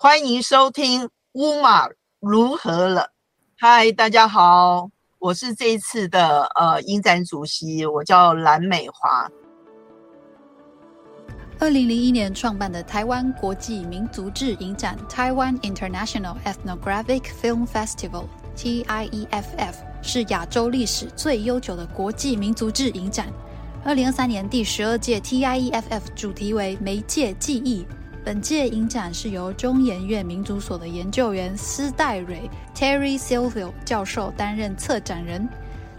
歡迎收聽 Umav 如何了。嗨，大家好，我是這一次的呃影展主席，我叫藍美華。二零零一年創辦的台灣國際民族志影展 （Taiwan International Ethnographic Film Festival，TIEFF） 是亞洲歷史最悠久的國際民族志影展。二零二三年第十二屆 TIEFF 主題為媒介記憶。本屆影展，是由中研院民族所的研究員斯戴蕊 （Teri Silvio） 教授擔任策展人，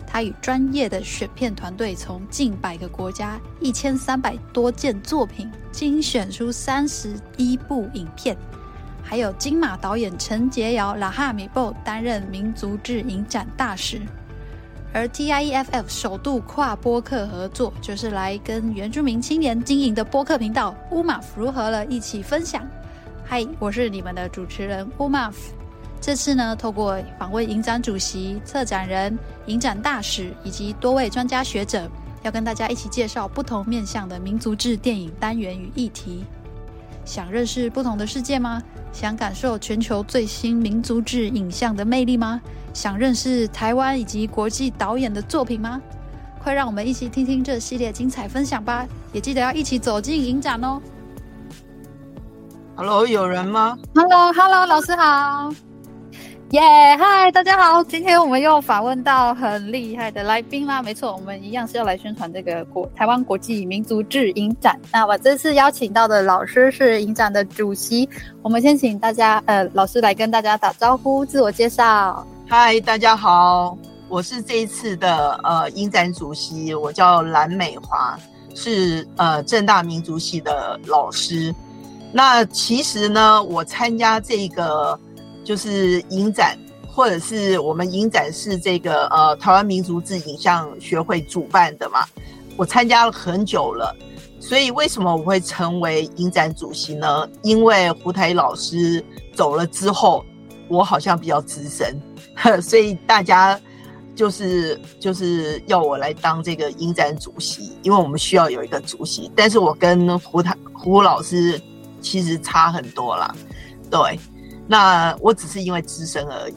他與專業的選片團隊從近百個國家一千三百多件作品精選出三十一部影片，還有金馬導演陳潔瑤，拉哈米布擔任民族誌影展大使。而 TIEFF 首度跨播客合作，就是來跟原住民青年經營的播客頻道 Umav 如何了一起分享。嗨，我是你們的主持人 Umav。這次呢，透過訪問影展主席、策展人、影展大使以及多位專家學者，要跟大家一起介紹不同面向的民族志電影單元與議題。想認識不同的世界嗎？想感受全球最新民族志影像的魅力嗎？想認識台灣以及國際導演的作品嗎？快讓我們一起聽聽這系列精彩分享吧！也記得要一起走進影展哦。Hello，有人嗎？Hello，Hello，hello，老師好。耶，Yeah，Hi，大家好。今天我們又訪問到很厲害的來賓啦。沒錯，我們一樣是要來宣傳這個台灣國台灣國際民族志影展。那我這次邀請到的老師是影展的主席。我們先請大家，呃，老師來跟大家打招呼，自我介紹。嗨，Hi, 大家好，我是這一次的呃影展主席，我叫藍美華，是呃政大民族系的老師。那其實呢，我參加這個就是影展，或者是我們影展是這個呃台灣民族志影像學會主辦的嘛，我參加了很久了。所以為什麼我會成為影展主席呢？因為胡台老師走了之後，我好像比較資深。 所以大家，就是就是要我來當這個影展主席，因為我們需要有一個主席。但是我跟胡台胡老師其實差很多啦，對。那我只是因為資深而已，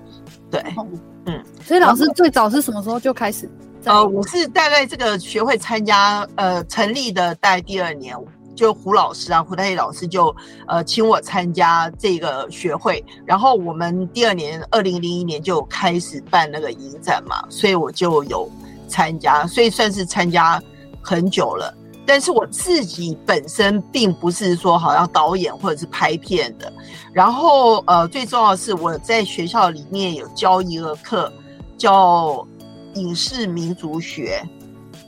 對，哦、嗯。所以老師最早是什麼時候就開始？呃，我是大概這個學會參加，呃，成立的在第二年。就胡老師啊，胡台麗老師就，呃，請我參加這個學會，然後我們第二年二零零一年就開始辦那個影展嘛，所以我就有參加，所以算是參加很久了。但是我自己本身並不是說好像導演或者是拍片的，然後呃，最重要的是我在學校裡面有教一個課，叫影視民族學。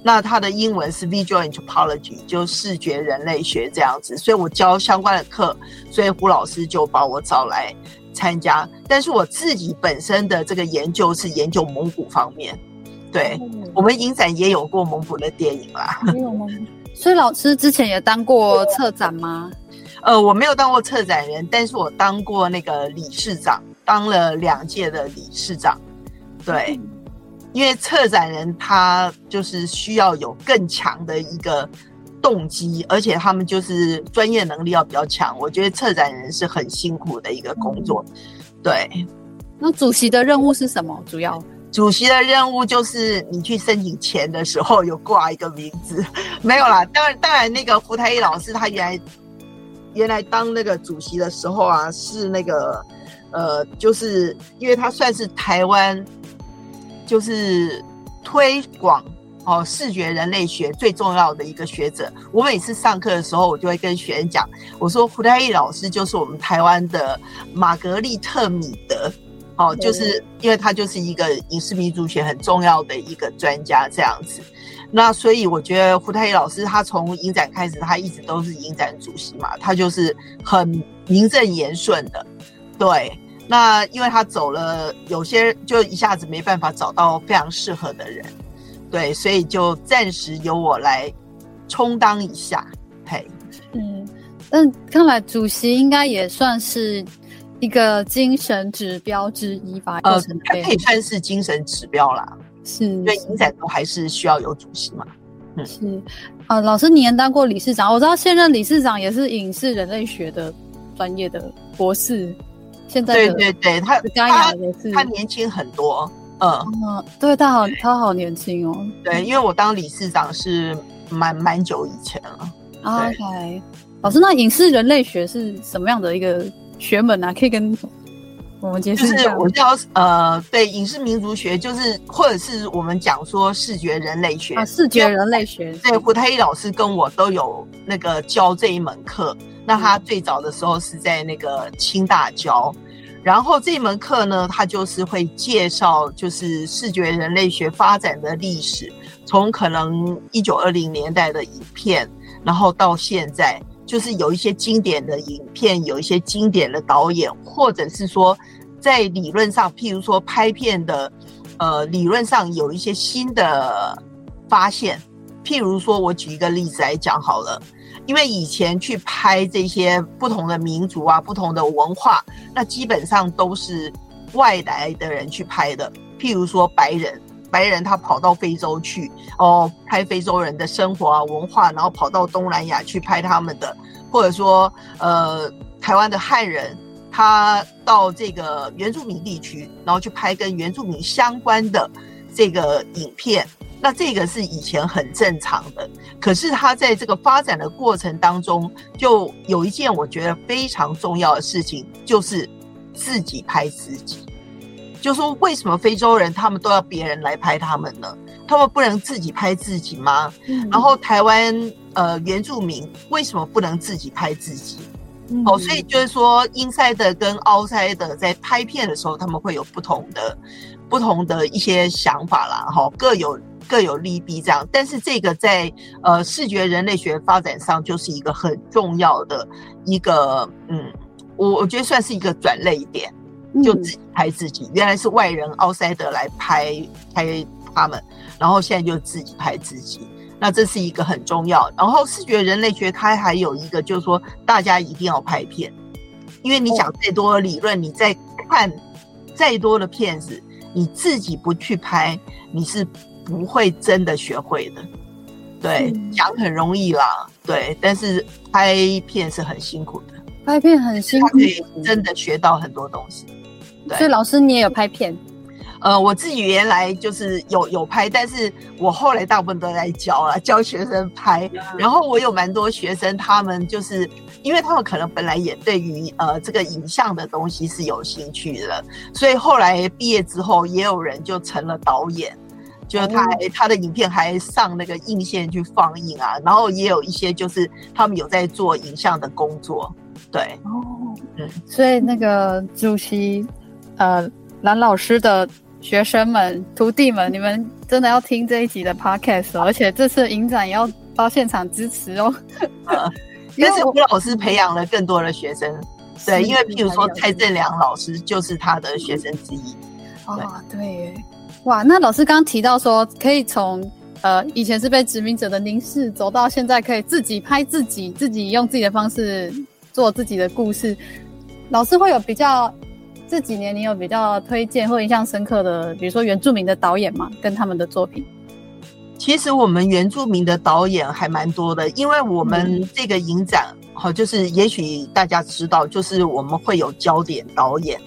那他的英文是 Visual Anthropology，就視覺人類學這樣子，所以我教相關的課，所以胡老師就把我找來參加。但是我自己本身的這個研究是研究蒙古方面，對、嗯、我們影展也有過蒙古的電影啦。沒有嗎？所以老師之前也當過策展嗎？呃，我沒有當過策展人，但是我當過那個理事長，當了兩屆的理事長，對。嗯因為策展人他就是需要有更強的一個動機，而且他們就是專業能力要比較強。我覺得策展人是很辛苦的一個工作。嗯、對，那主席的任務是什麼？主要主席的任務就是你去申請錢的時候有掛一個名字，沒有啦。當然，當然，那個胡台麗老師他原來原來當那個主席的時候啊，是那個呃，就是因為他算是台灣。就是推廣哦，視覺人類學最重要的一個學者。我每次上課的時候，我就會跟學生講，我說胡台麗老師就是我們台灣的瑪格麗特米德，哦，就是因為他就是一個影視民族學很重要的一個專家這樣子。那所以我覺得胡台麗老師，他從影展開始，他一直都是影展主席嘛，他就是很名正言順的，對。那因為他走了，有些人就一下子沒辦法找到非常適合的人，對，所以就暫時由我來充當一下，嘿，嗯，但看來主席應該也算是一個精神指標之一吧？呃，還可以算是精神指標啦。是，因為影展都還是需要有主席嘛，嗯，是、呃，老師您當過理事長，我知道現任理事長也是影視人類學的專業的博士。現在的對對對，他也是他他年輕很多，嗯，嗯，對他好，對他好年輕哦。對，因為我當理事長是蠻蠻久以前了。啊、OK，老師，那影視人類學是什麼樣的一個學門呢、啊？可以跟我們解釋一下嗎？就是我教，呃，對，影視民族學就是或者是我們講說視覺人類學，啊、視覺人類學。為對，對，胡太一老師跟我都有那個教這一門課。那他最早的時候是在那個清大教，然後這門課呢，他就是會介紹就是視覺人類學發展的歷史，從可能一九二零年代的影片，然後到現在，就是有一些經典的影片，有一些經典的導演，或者是說，在理論上，譬如說拍片的，呃，理論上有一些新的發現，譬如說，我舉一個例子來講好了。因為以前去拍這些不同的民族啊、不同的文化，那基本上都是外來的人去拍的。譬如說白人，白人他跑到非洲去，哦，拍非洲人的生活啊，文化，然後跑到東南亞去拍他們的，或者說，呃，台灣的漢人，他到這個原住民地區，然後去拍跟原住民相關的這個影片。那這個是以前很正常的，可是他在這個發展的過程當中，就有一件我覺得非常重要的事情，就是自己拍自己。就是、說為什麼非洲人他們都要別人來拍他們呢？他們不能自己拍自己嗎？嗯嗯嗯，然後台灣呃原住民為什麼不能自己拍自己？嗯嗯哦，所以就是說 inside 的跟 outside 的在拍片的時候，他們會有不同的不同的一些想法啦，哈、哦，各有。各有利弊，這樣。但是這個在呃視覺人類學發展上就是一個很重要的一個嗯，我我覺得算是一個轉捩點，就自己拍自己。嗯、原來是外人奧塞德來拍拍他們，然後現在就自己拍自己。那這是一個很重要。然後視覺人類學它還有一個就是說，大家一定要拍片，因為你講再多的理論，你再看再多的片子，你自己不去拍，你是。不會真的學會的，對，嗯，講很容易啦，對，但是拍片是很辛苦的，拍片很辛苦，可以真的學到很多東西。所以老師你也有拍片？呃，我自己原來就是有有拍，但是我後來大部分都在教啊，教學生拍。Yeah. 然後我有蠻多學生，他們就是因為他們可能本來也對於呃這個影像的東西是有興趣的，所以後來畢業之後也有人就成了導演。就是他還、哦、他的影片還上那個院線去放映啊，然後也有一些就是他們有在做影像的工作，對。哦，嗯、所以那個主席、呃，藍老師的學生們、徒弟們，你們真的要聽這一集的 podcast，嗯、而且這次影展也要到現場支持哦。啊、嗯，因為胡老師培養了更多的學生，對，是因為譬如說蔡政良老師就是他的學生之一。嗯、對哦，對。哇，那老師剛剛提到說，可以從呃以前是被殖民者的凝視，走到現在可以自己拍自己，自己用自己的方式做自己的故事。老師會有比較這幾年，你有比較推薦或印象深刻的，比如說原住民的導演嗎？跟他們的作品。其實我們原住民的導演還蠻多的，因為我們這個影展，好、嗯哦，就是也許大家知道，就是我們會有焦點導演。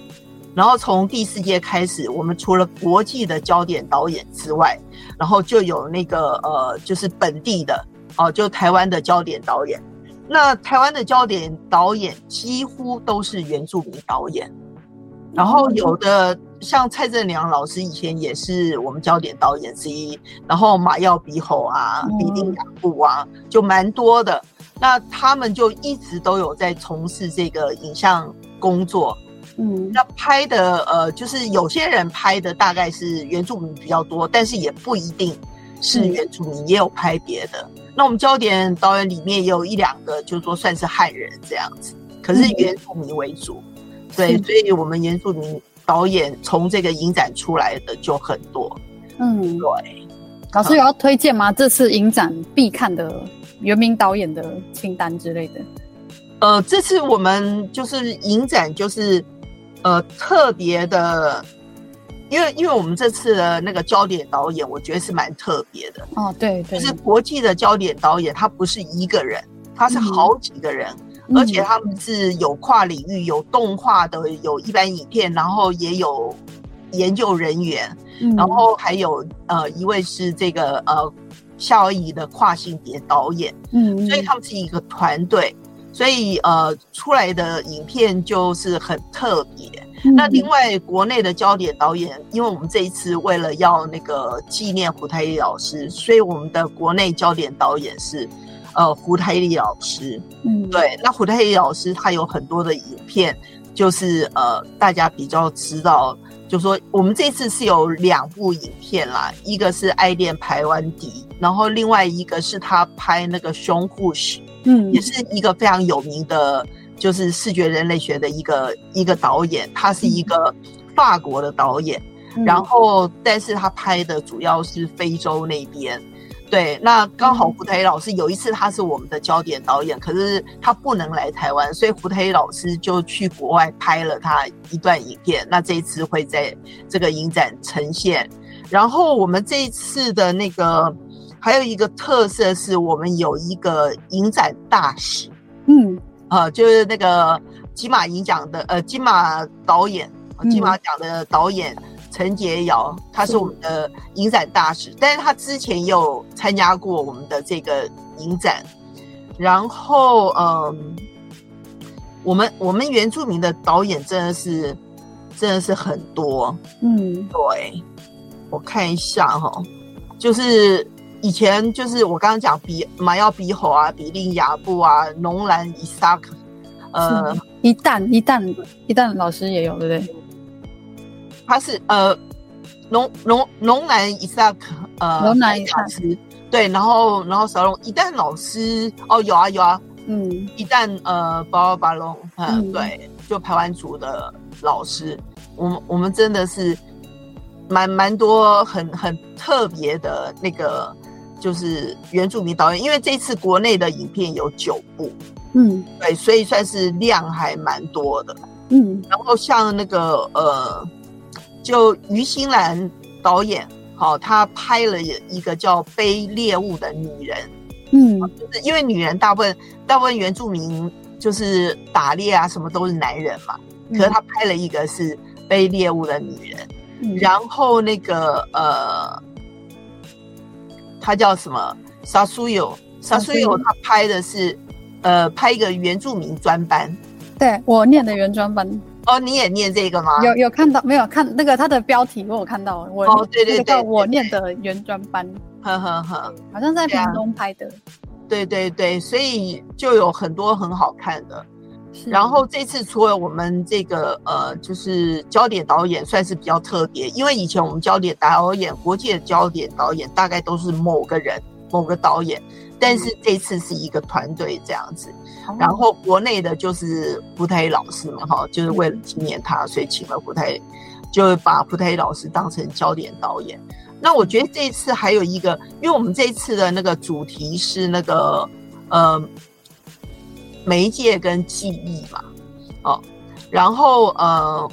然後從第四屆開始，我們除了國際的焦點導演之外，然後就有那個呃，就是本地的哦、呃，就台灣的焦點導演。那台灣的焦點導演幾乎都是原住民導演，然後有的像蔡政良老師以前也是我們焦點導演之一，然後馬躍比吼啊、比令亞布啊，就蠻多的。那他們就一直都有在從事這個影像工作。嗯，那拍的呃，就是有些人拍的大概是原住民比較多，但是也不一定是原住民，也有拍別的。是那我們焦點導演裡面也有一兩個，就是說算是漢人這樣子，可是原住民為主，嗯、對，是所以我們原住民導演從這個影展出來的就很多。嗯，對。老師有要推薦嗎？嗯、這次影展必看的原名導演的清單之類的？呃，這次我們就是影展就是。呃，特別的，因為因為我們這次的那個焦點導演，我覺得是蠻特別的。哦，對，對就是國際的焦點導演，他不是一個人，他是好幾個人，嗯、而且他們是有跨領域，有動畫的，有一般影片，然後也有研究人員，嗯、然後還有呃一位是這個呃夏威夷的跨性別導演。嗯，所以他們是一個團隊。所以呃，出來的影片就是很特別。嗯、那另外國內的焦點導演，因為我們這一次為了要那個紀念胡台麗老師，所以我們的國內焦點導演是，呃，胡台麗老師。嗯，對。那胡台麗老師他有很多的影片，就是呃，大家比較知道，就說我們這次是有兩部影片啦，一個是《愛戀排灣笛》，然後另外一個是他拍那個胸《胸護士》。嗯，也是一個非常有名的，就是視覺人類學的一個、嗯、一個導演，他是一個法國的導演，嗯、然後但是他拍的主要是非洲那邊，嗯、對，那剛好胡台麗老師有一次他是我們的焦點導演，嗯、可是他不能來台灣，所以胡台麗老師就去國外拍了他一段影片，那這一次會在這個影展呈現，然後我們這一次的那個。嗯還有一個特色是我們有一個影展大使，嗯，啊、呃，就是那個金馬影獎的呃金馬導演金、嗯、馬獎的導演陳潔瑤，他是我們的影展大使，是但是他之前有參加過我們的這個影展。然後，嗯、呃，我們我們原住民的導演真的是真的是很多，嗯，對，我看一下哈，就是。以前就是我剛剛講比馬躍比吼啊、比令·亞布啊、龍男·以撒克，呃，伊誕伊誕伊誕老師也有對不對？他是呃龍龍龍男·以撒克呃龍男·以撒克，蘭對，然後然後小龍伊誕老師哦有啊有啊嗯伊誕呃巴瓦瓦隆嗯對，就排灣組的老師，我們我們真的是蠻蠻多很很特別的那個。就是原住民導演，因為這次國內的影片有九部，嗯，對，所以算是量還蠻多的，嗯。然後像那個呃，就於欣蘭導演，好、哦，他拍了一個叫《背獵物的女人》，嗯，就是因為女人大部分大部分原住民就是打獵啊什麼都是男人嘛，嗯、可是他拍了一個是背獵物的女人，嗯、然後那個呃。他叫什麼？沙叔友，沙叔友，他拍的是，嗯、呃，拍一個原住民專班。對，我念的原專班哦。哦，你也念這個嗎？有有看到沒有？看那個他的標題，我有看到。我哦，對對對，對，對，那個我念的原專班。呵呵呵，好像是在屏東拍的。對，對對對，所以就有很多很好看的。然後這次除了我們這個呃，就是焦點導演算是比較特別，因為以前我們焦點導演、國際的焦點導演大概都是某個人、某個導演，但是這次是一個團隊這樣子。嗯、然後國內的就是胡台麗老師嘛，哈、哦，就是為了紀念他，所以請了胡台麗，嗯、就把胡台麗老師當成焦點導演。那我覺得這一次還有一個，因為我們這次的那個主題是那個呃。媒介跟記憶嘛，哦，然後呃，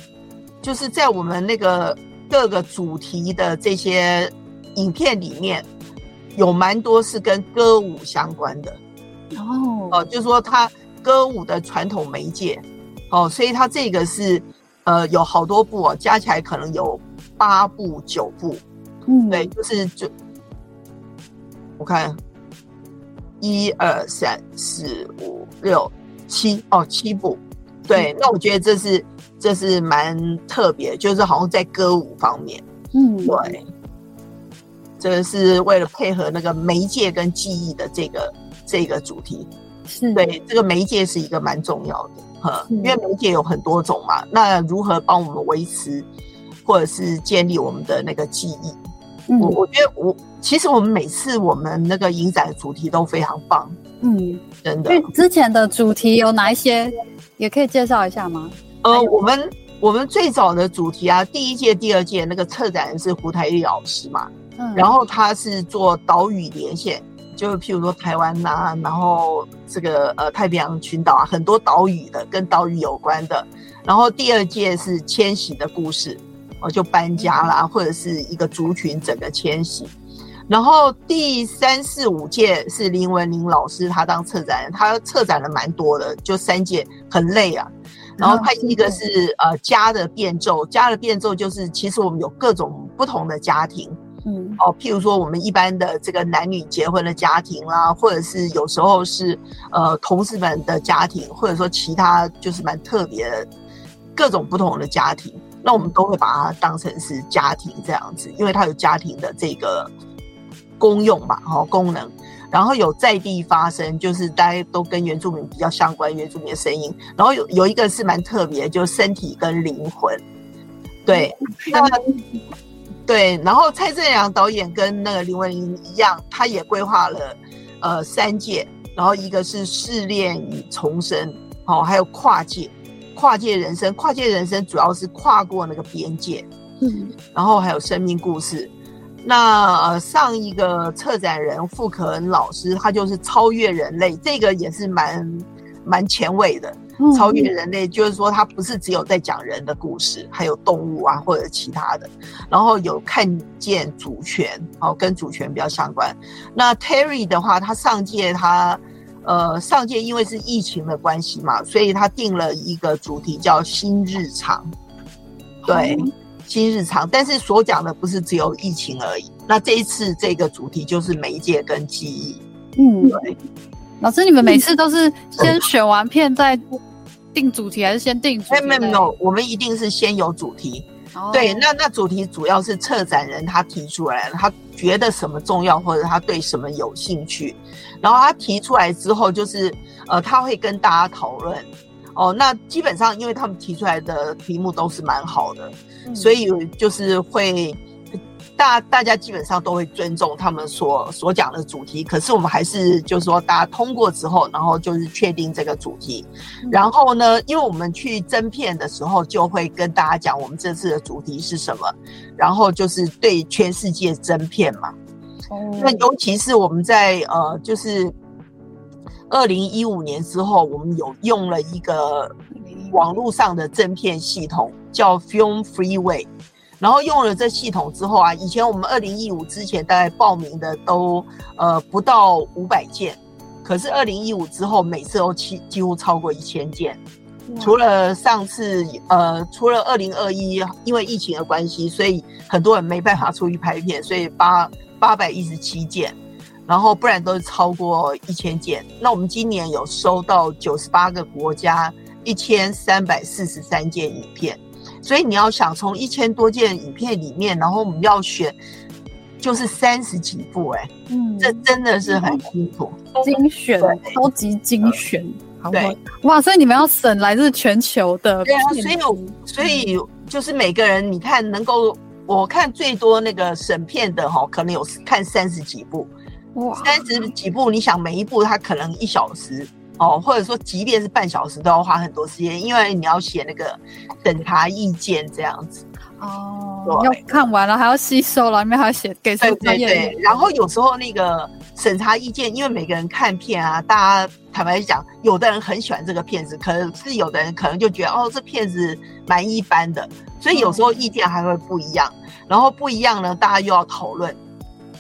就是在我們那個各個主題的這些影片裡面，有蠻多是跟歌舞相關的，哦哦，就是說它歌舞的傳統媒介，哦，所以它這個是呃有好多部哦，加起來可能有八部九部，嗯，對，就是就我看一二三四五。1, 2, 3, 4, 5, 六七哦，七部，對，那我覺得這是這是蠻特別，就是好像在歌舞方面，嗯，對，這是為了配合那個媒介跟記憶的這個這個主題，嗯、對，這個媒介是一個蠻重要的，呵，嗯、因為媒介有很多種嘛，那如何幫我們維持或者是建立我們的那個記憶？嗯，我我覺得我其實我們每次我們那個影展的主題都非常棒。嗯，真的。之前的主題有哪一些，也可以介紹一下嗎？呃，有我們我們最早的主題啊，第一屆、第二屆那個策展人，是胡台麗老師嘛，嗯，然後他是做島嶼連線，就譬如說台灣吶、啊，然後這個呃太平洋群島啊，很多島嶼的跟島嶼有關的。然後第二屆是遷徙的故事，我就搬家啦，嗯、或者是一個族群整個遷徙。然後第三四五屆是林文玲老師，他當策展人，他策展的蠻多的，就三屆很累啊。然後他第一個是呃家的變奏，家的變奏就是其實我們有各種不同的家庭，嗯，哦，譬如說我們一般的這個男女結婚的家庭啦，啊，或者是有時候是呃同事們的家庭，或者說其他就是蠻特別的各種不同的家庭，那我們都會把它當成是家庭這樣子，因為它有家庭的這個。功用吧，好、哦、功能，然後有在地發聲，就是大家都跟原住民比較相關，原住民的聲音。然後有有一個是蠻特別的，就是身體跟靈魂。對，那麼對，然後蔡政良導演跟那個林文玲一樣，他也規劃了呃三界，然後一個是試煉與重生，哦，還有跨界，跨界人生，跨界人生主要是跨過那個邊界，嗯，然後還有生命故事。那，呃，上一個策展人傅可恩老師，他就是超越人類，這個也是蠻蠻前衛的。嗯，超越人類就是說，他不是只有在講人的故事，還有動物啊，或者其他的。然後有看見主權，哦，跟主權比較相關。那 Teri 的話，他上屆他，呃，上屆因為是疫情的關係嘛，所以他定了一個主題叫新日常，對。嗯新日常，但是所講的不是只有疫情而已。那這一次這個主題就是媒介跟記憶。嗯，對。老師，你們每次都是先選完片再定主題，還是先定主題？哎、欸，沒有沒有，我們一定是先有主題。哦、對，那那主題主要是策展人他提出來，他覺得什麼重要，或者他對什麼有興趣，然後他提出來之後，就是呃，他會跟大家討論。哦，那基本上因為他們提出來的題目都是蠻好的。嗯所以就是會，大大家基本上都會尊重他們所所講的主題。可是我們還是就是說，大家通過之後，然後就是確定這個主題。然後呢，因為我們去徵片的時候，就會跟大家講我們這次的主題是什麼，然後就是對全世界徵片嘛。那尤其是我們在呃，就是。二零一五年之後，我們有用了一個網絡上的徵片系統，叫 Film Freeway。然後用了這系統之後啊，以前我們二零一五之前大概報名的都呃不到五百件，可是二零一五之後每次都幾幾乎超過一千件。除了上次呃，除了二零二一因為疫情的關係，所以很多人沒辦法出去拍片，所以八八百一十七件。然後不然都是超過一千件。那我們今年有收到九十八個國家一千三百四十三件影片，所以你要想從一千多件影片裡面，然後我們要選，就是三十幾部、欸，哎，嗯，這真的是很辛苦、嗯，精選，對超級精選，嗯、好，對哇，所以你們要審來自全球的，對啊，所以所以就是每個人，你看能夠，嗯、我看最多那個審片的哈、哦，可能有看三十幾部。哇三十幾部，你想每一部他可能一小時哦，或者說即便是半小時都要花很多時間，因為你要寫那個審查意見這樣子哦，對要看完了還要吸收了，裡還要寫給誰的意見，對對對。然後有時候那個審查意見，因為每個人看片啊，大家坦白講，有的人很喜歡這個片子，可是有的人可能就覺得哦，這片子蠻一般的，所以有時候意見還會不一樣。嗯、然後不一樣呢，大家又要討論。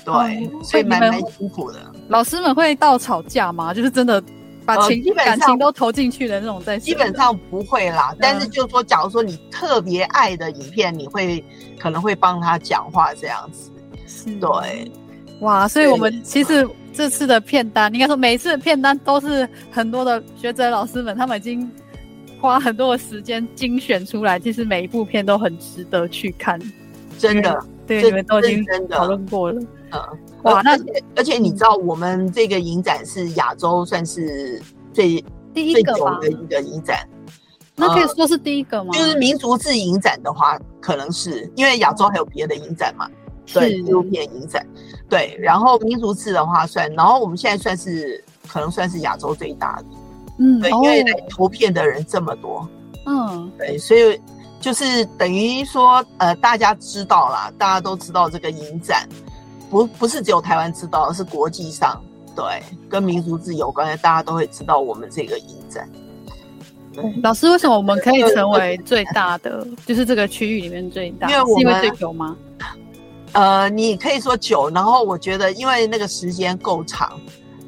對，哦、所以蠻們蠻辛苦的。老師們會到吵架嗎？就是真的把情、哦、感情都投進去的那種在，在基本上不會啦。嗯、但是就說，假如說你特別愛的影片，你會可能會幫他講話這樣子。是、嗯，對，哇！所以我們其實這次的片單，應該對說每次的片單都是很多的學者老師們，他們已經花很多的時間精選出來。其實每一部片都很值得去看，真的。嗯對，都已經討論過了。嗯，哇，那而且而且你知道，我們這個影展是亞洲算是最第一個吧？最久的一個影展，那可以說是第一個嗎？嗯、就是民族誌影展的話，可能是因為亞洲還有別的影展嘛？嗯、對，紀錄片影展，對，然後民族誌的話算，然後我們現在算是可能算是亞洲最大的，嗯，對，哦、因為來投片的人這麼多，嗯，對，所以。就是等於說，呃，大家知道啦，大家都知道這個影展，不不是只有台灣知道，是國際上對，跟民族誌有關的，大家都會知道我們這個影展。嗯。老師，為什麼我們可以成為最大的？嗯、就是這個區域裡面最大，因為我們是因為最久嗎？呃，你可以說久，然後我覺得因為那個時間夠長。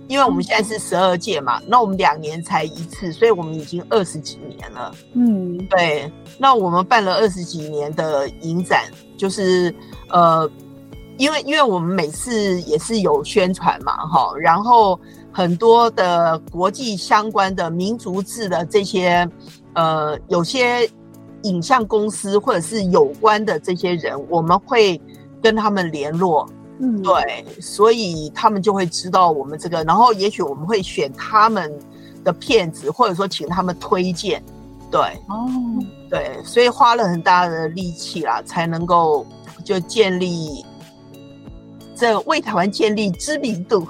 因為我們現在是十二屆嘛，嗯、那我們兩年才一次，所以我們已經二十幾年了。嗯，對。那我們辦了二十幾年的影展，就是呃，因為因為我們每次也是有宣傳嘛，哈，然後很多的國際相關的、民族誌的這些呃，有些影像公司或者是有關的這些人，我們會跟他們聯絡。嗯，對，所以他們就會知道我們這個，然後也許我們會選他們的片子，或者說請他們推薦，對，哦，對，所以花了很大的力氣啦，才能夠就建立這為台灣建立知名度，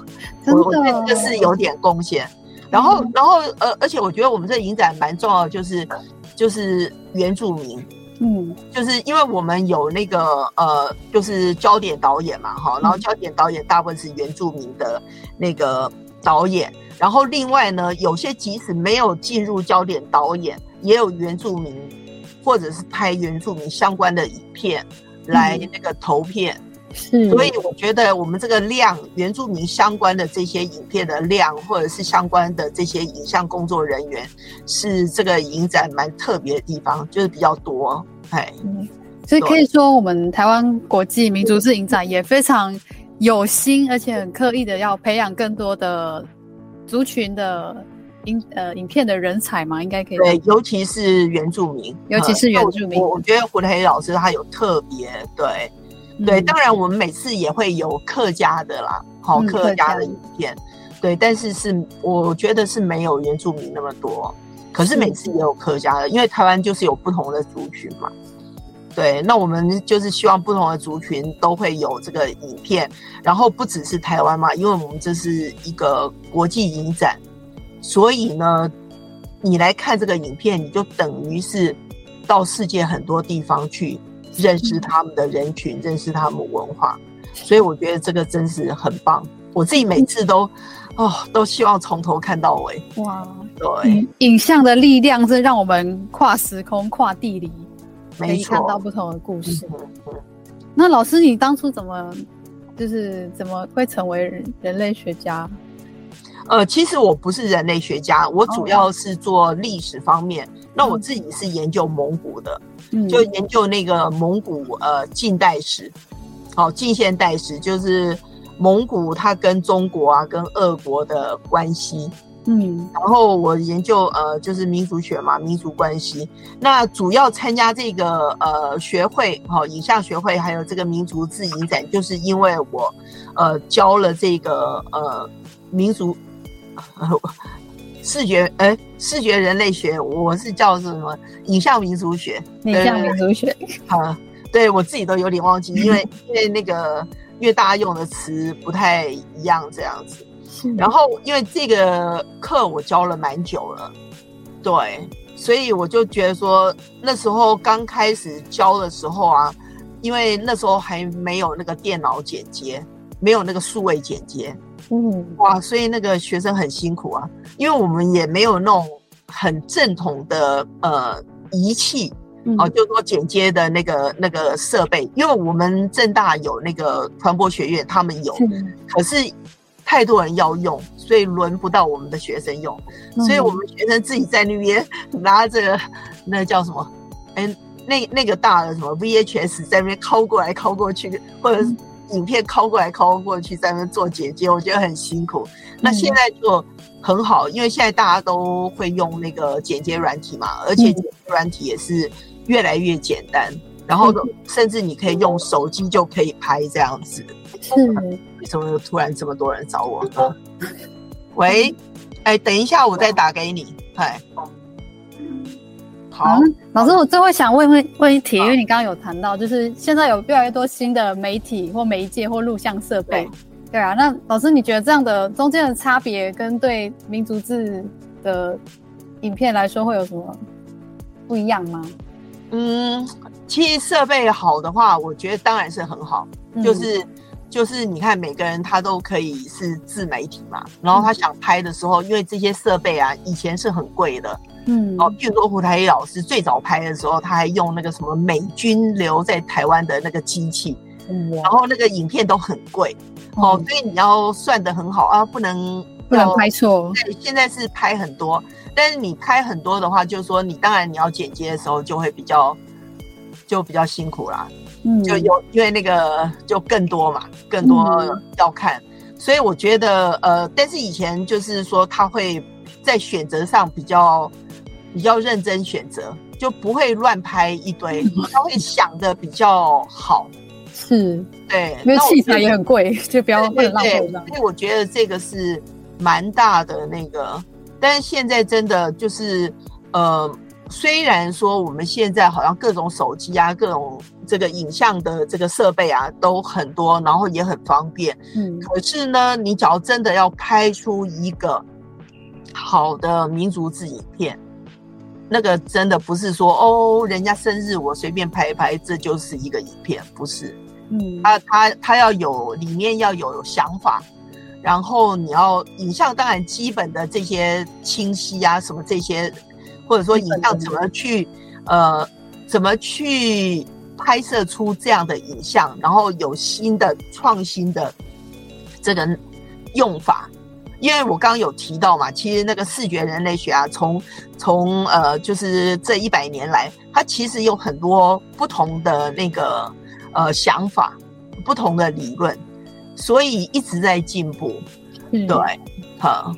真的，這個是有點貢獻。然後，嗯、然後，呃，而且我覺得我們這影展蠻重要的，就是就是原住民。嗯，就是因為我們有那個呃，就是焦點導演嘛，哈，然後焦點導演大部分是原住民的那個導演，然後另外呢，有些即使沒有進入焦點導演，也有原住民或者是拍原住民相關的影片來那個投片。嗯。是所以我覺得我們這個量原住民相關的這些影片的量，或者是相關的這些影像工作人員，是這個影展蠻特別的地方，就是比較多。哎、嗯，所以可以說我們台灣國際民族誌影展也非常有心，對而且很刻意的要培養更多的族群的影對呃影片的人才嘛，應該可以。對，尤其是原住民，嗯、尤其是原住民。嗯、我覺得胡台麗老師他有特別對。對，當然我們每次也會有客家的啦，好、嗯、客家的影片，客家。對，但是是我覺得是沒有原住民那麼多，可是每次也有客家的，的因為台灣就是有不同的族群嘛。對，那我們就是希望不同的族群都會有這個影片，然後不只是台灣嘛，因為我們這是一個國際影展，所以呢，你來看這個影片，你就等於是到世界很多地方去。認識他們的人群，嗯、認識他們文化，所以我覺得這個真是很棒。我自己每次都，嗯、哦，都希望從頭看到尾。哇，對，影像的力量是讓我們跨時空、跨地理，沒錯，可以看到不同的故事。是那老師，你當初怎麼就是怎麼會成為人類學家？呃，其實我不是人類學家，我主要是做歷史方面。Oh yeah. 那我自己是研究蒙古的，mm hmm. 就研究那個蒙古呃近代史，好、哦、近現代史，就是蒙古它跟中國啊，跟俄國的關係。嗯、mm，hmm. 然後我研究呃就是民族學嘛，民族關係。那主要參加這個呃學會，好、哦、影像學會，還有這個民族誌影展，就是因為我呃教了這個呃民族。我、呃、視覺哎、欸，視覺人類學，我是叫什麼影像民族學，影像民族學。好、呃呃呃，對，我自己都有點忘記， 因為因為那個因為大家用的詞不太一樣這樣子。的然後因為這個課我教了蠻久了，對，所以我就覺得說那時候剛開始教的時候啊，因為那時候還沒有那個電腦剪接，沒有那個數位剪接。嗯，哇，所以那個學生很辛苦啊，因為我們也沒有那種很正統的呃儀器哦，嗯、就是說剪接的那個那個設備，因為我們政大有那個傳播學院，他們有，是可是太多人要用，所以輪不到我們的學生用，嗯、所以我們學生自己在那邊拿着那個、叫什麼，哎、欸，那那個大的什麼 VHS 在那邊拷過來拷過去，嗯、或者是。影片拷過來拷過去，在那做剪接，我覺得很辛苦。那現在就很好，因為現在大家都會用那個剪接軟體嘛，而且剪接軟體也是越來越簡單。嗯、然後甚至你可以用手機就可以拍這樣子。是、嗯，為什麼突然這麼多人找我呢？嗯、 喂，哎、欸，等一下我再打給你。Hi 好、嗯，老師，我最後想問問好問一題，因為你剛剛有談到，就是現在有越來越多新的媒體或媒介或錄像設備，對，對啊，那老師，你覺得這樣的中間的差別跟對民族誌的影片來說會有什麼不一樣嗎？嗯，其實設備好的話，我覺得當然是很好，嗯、就是。就是你看每個人他都可以是自媒體嘛，然後他想拍的時候，嗯、因為這些設備啊以前是很貴的，嗯，哦，比如說胡台麗老師最早拍的時候，他還用那個什麼美軍留在台灣的那個機器，嗯、然後那個影片都很貴，嗯、哦，所以你要算得很好啊，不能、嗯、要不能拍錯。現在，現在是拍很多，但是你拍很多的話，就是說你當然你要剪接的時候就會比較就比較辛苦啦。就有因為那個就更多嘛，更多要看，嗯、所以我覺得呃，但是以前就是說他會在選擇上比較比較認真選擇，就不會亂拍一堆，嗯、他會想的比較好，是對，因為那我器材也很貴，就不要會浪費。所以我覺得這個是蠻大的那個，但是現在真的就是呃，雖然說我們現在好像各種手機啊，各種。這個影像的這個設備啊，都很多，然後也很方便。嗯，可是呢，你只要真的要拍出一個好的民族誌影片，那個真的不是說哦，人家生日我隨便拍一拍，這就是一個影片，不是。嗯，它它它要有裡面要有想法，然後你要影像當然基本的這些清晰啊，什麼這些，或者說影像怎麼去呃怎麼去。拍攝出這樣的影像，然後有新的創新的這個用法，因為我剛剛有提到嘛，其實那個視覺人類學啊，從從呃就是這一百年來，它其實有很多不同的那個呃想法，不同的理論，所以一直在進步。嗯、對，哈、呃。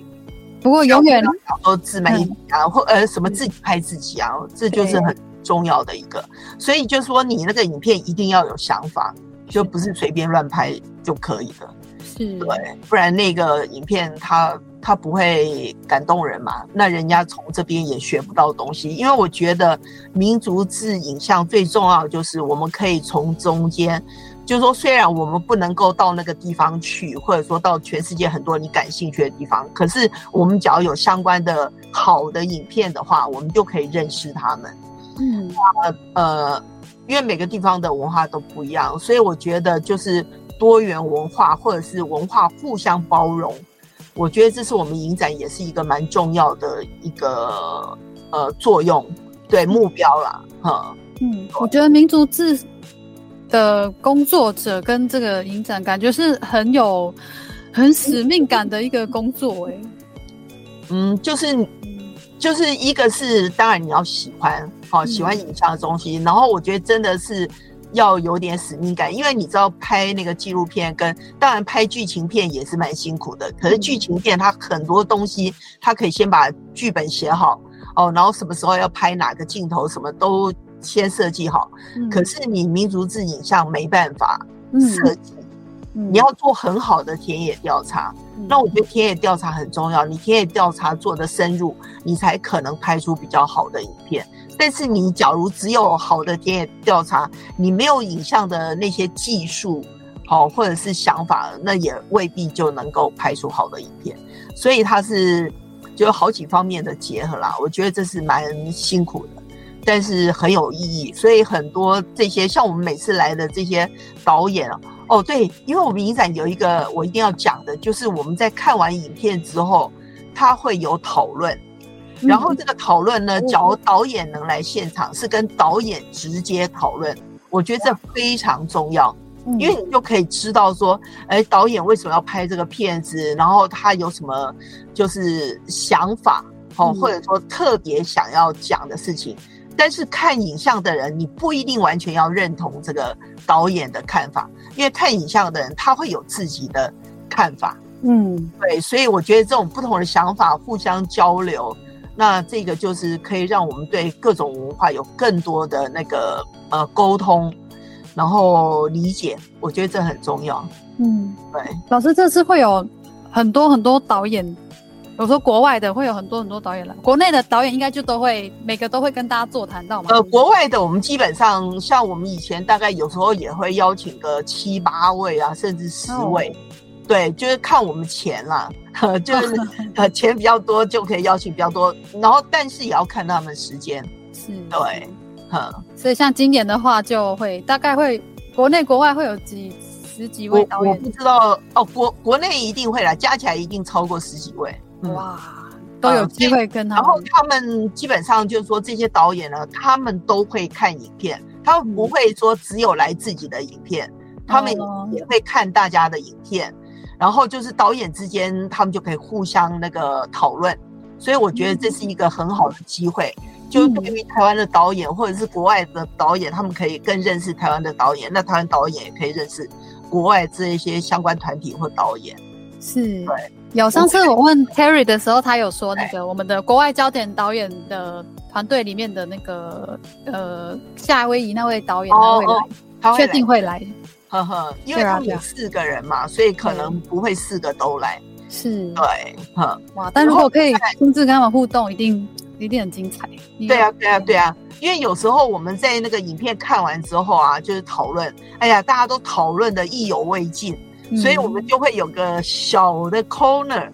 不過永遠、啊啊、都自媒體啊，嗯、或呃什麼自己拍自己啊，對 這就是很。重要的一個，所以就是說，你那個影片一定要有想法，就不是隨便亂拍就可以了。是，對，不然那個影片它它不會感動人嘛。那人家從這邊也學不到東西，因為我覺得民族志影像最重要的就是我們可以從中間，就是說雖然我們不能夠到那個地方去，或者說到全世界很多你感興趣的地方，可是我們只要有相關的好的影片的話，我們就可以認識他們。嗯、啊，呃，因為每個地方的文化都不一樣，所以我覺得就是多元文化或者是文化互相包容，我覺得這是我們影展也是一個蠻重要的一個呃作用對目標啦，哈，嗯，我覺得民族誌的工作者跟這個影展感覺是很有很使命感的一個工作，欸、嗯，就是。就是一個是，當然你要喜歡，好、哦、喜歡影像的東西。嗯、然後我覺得真的是要有點使命感，因為你知道拍那個紀錄片跟，跟當然拍劇情片也是蠻辛苦的。可是劇情片它很多東西，它可以先把劇本寫好，哦，然後什麼時候要拍哪個鏡頭，什麼都先設計好。嗯、可是你民族誌影像沒辦法、嗯、設計，嗯、你要做很好的田野調查。那我覺得田野調查很重要，你田野調查做得深入，你才可能拍出比較好的影片。但是你假如只有好的田野調查，你沒有影像的那些技術，好、哦、或者是想法，那也未必就能夠拍出好的影片。所以它是，就有好幾方面的結合啦。我覺得這是蠻辛苦的。但是很有意義，所以很多這些像我們每次來的這些導演、啊、哦，對，因為我們影展有一個我一定要講的，就是我們在看完影片之後，他會有討論，然後這個討論呢，嗯、假如導演能來現場、嗯、是跟導演直接討論，我覺得這非常重要，嗯、因為你就可以知道說，哎，導演為什麼要拍這個片子，然後他有什麼就是想法哦，嗯、或者說特別想要講的事情。但是看影像的人，你不一定完全要認同這個導演的看法，因為看影像的人他會有自己的看法。嗯，對，所以我覺得這種不同的想法互相交流，那這個就是可以讓我們對各種文化有更多的那個呃溝通，然後理解。我覺得這很重要。嗯，對。老師，這次會有很多很多導演。有時候國外的會有很多很多導演來，國內的導演應該就都會每個都會跟大家座談到嘛。呃，國外的我們基本上像我們以前大概有時候也會邀請個七八位啊，甚至十位，哦、對，就是看我們錢啦就是、哦、呃錢比較多就可以邀請比較多，然後但是也要看他們時間，是對，所以像今年的話就會大概會國內國外會有幾十幾位導演，我，我不知道哦，國國內一定會來，加起來一定超過十幾位。哇，都有機會跟他、嗯。然後他們基本上就是說，這些導演呢，他們都會看影片，他們不會說只有來自己的影片，嗯、他們也會看大家的影片。哦、然後就是導演之間，他們就可以互相那個討論。所以我覺得這是一個很好的機會，嗯、就對於台灣的導演或者是國外的導演，嗯、他們可以更認識台灣的導演，那台灣導演也可以認識國外這一些相關團體或導演。是，對。有上次我問 Terry 的時候，他有說那個 Okay. 我們的國外焦點導演的團隊裡面的那個呃夏威夷那位導演他會來，確定會來，呵呵，因為他們有四個人嘛，所以可能不會四個都來，是，嗯、對，呵，哇，但如果可以親自跟他們互動，一定一定很精彩對，啊，對啊，對啊，對啊，對啊，因為有時候我們在那個影片看完之後啊，就是討論，哎呀，大家都討論的意猶未盡。嗯、所以我們就會有個小的 corner、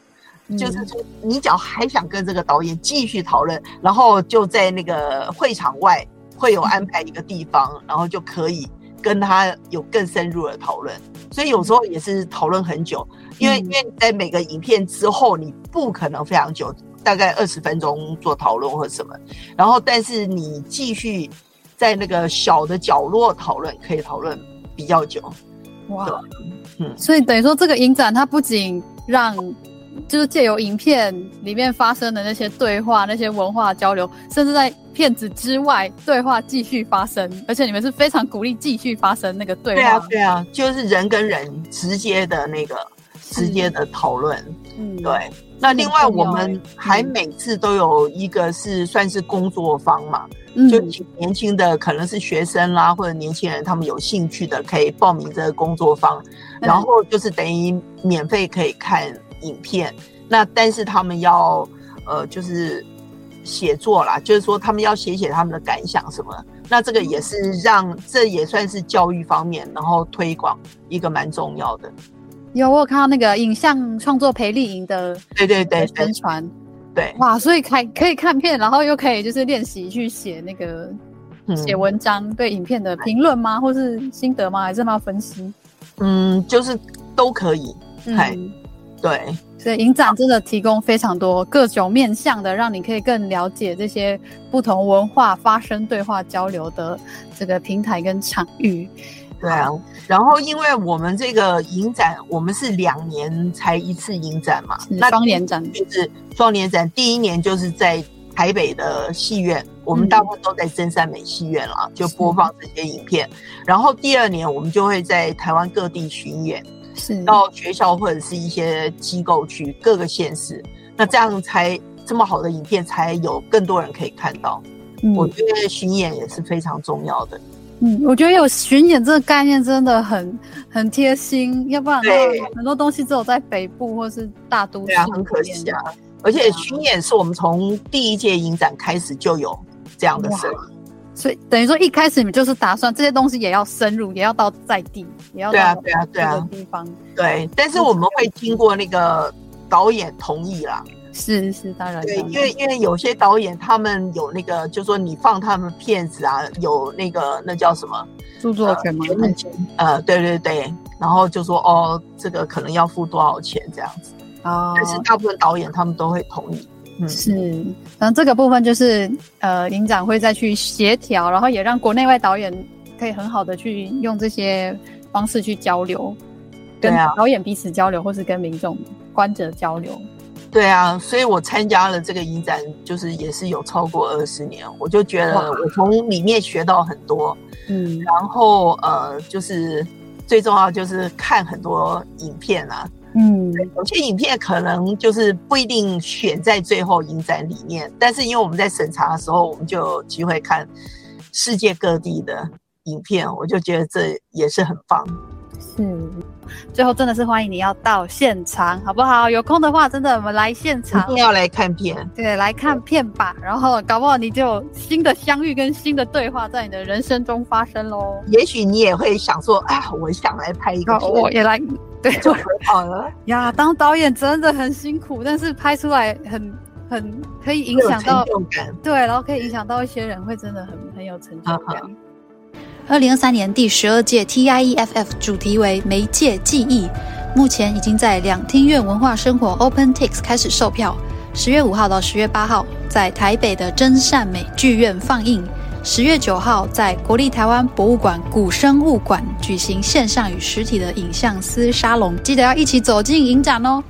嗯、就是說你只要還想跟這個導演繼續討論，然後就在那個會場外會有安排一個地方，嗯、然後就可以跟他有更深入的討論。所以有時候也是討論很久，因為、嗯、因為你在每個影片之後，你不可能非常久，大概二十分鐘做討論或什麼，然後但是你繼續在那個小的角落討論，可以討論比較久。哇。嗯、所以等於說，這個影展它不僅讓，就是借由影片裡面發生的那些對話、那些文化交流，甚至在片子之外，對話繼續發生，而且你們是非常鼓勵繼續發生那個對話。對啊，對啊，就是人跟人直接的那個是直接的討論，嗯、對。那另外，我們還每次都有一個是算是工作坊嘛，嗯，就年輕的可能是學生啦或者年輕人，他們有興趣的可以報名這個工作坊，然後就是等於免費可以看影片。那但是他們要呃就是寫作啦，就是說他們要寫寫他們的感想什麼。那這個也是讓這也算是教育方面，然後推廣一個蠻重要的。有我有看到那個影像創作培力營的，對對對宣傳，對哇，所以可以，可以看片，然後又可以就是練習去寫那個、嗯、寫文章，對影片的評論嗎，嘿或是心得嗎，還是什麼分析？嗯，就是都可以。嗯，對，所以影展真的提供非常多各種面向的，讓你可以更了解這些不同文化發生對話交流的這個平台跟場域。對啊，然後因為我們這個影展，我們是兩年才一次影展嘛，雙年展那就是雙年展。第一年就是在台北的戲院，我們大部分都在真善美戲院了，嗯、就播放這些影片。是然後第二年我們就會在台灣各地巡演，是到學校或者是一些機構去各個縣市。那這樣才這麼好的影片才有更多人可以看到。嗯、我覺得巡演也是非常重要的。嗯，我覺得有巡演這個概念真的很很貼心，要不然、啊、對很多東西只有在北部或是大都市對、啊、很可惜啊。而且巡演是我們從第一屆影展開始就有這樣的事了，所以等於說一開始你們就是打算這些東西也要深入，也要到在地，也要到對啊、對啊、對啊、對啊、對啊地方。對，嗯、但是我們會經過那個導演同意啦。是是，當然對，因為因為有些導演他們有那個，就是、說你放他們片子啊，有那個那叫什麼著作權嗎、呃？呃，對,對對對，然後就說哦，這個可能要付多少錢這樣子啊。但是大部分導演他們都會同意，嗯，是。然後這個部分就是呃，影展會再去協調，然後也讓國內外導演可以很好的去用這些方式去交流，跟導演彼此交流，或是跟民眾觀者交流。對啊對啊，所以我參加了這個影展，就是也是有超過二十年，我就覺得我從裡面學到很多，嗯，然後呃，就是最重要就是看很多影片啊。嗯，呃，有些影片可能就是不一定選在最後影展裡面，但是因為我們在審查的時候，我們就有機會看世界各地的影片，我就覺得這也是很棒。嗯，最後真的是歡迎你要到現場，好不好？有空的話，真的我們來現場，一定要來看片，對，來看片吧。對然後搞不好你就新的相遇跟新的對話在你的人生中發生嘍。也許你也會想說啊，我想來拍一個片好我也，也來對，就很好了 呀。當導演真的很辛苦，但是拍出來很很可以影響到對，然後可以影響到一些人，會真的很很有成就感。Uh huh. 二零二三年第十二屆 TIEFF 主題為媒介記憶，目前已經在兩廳院文化生活 OPENTIX 開始售票。十月五號到十月八號在台北的真善美劇院放映，十月九號在國立台灣博物館古生物館舉行線上與實體的影像思沙龍，記得要一起走進影展哦。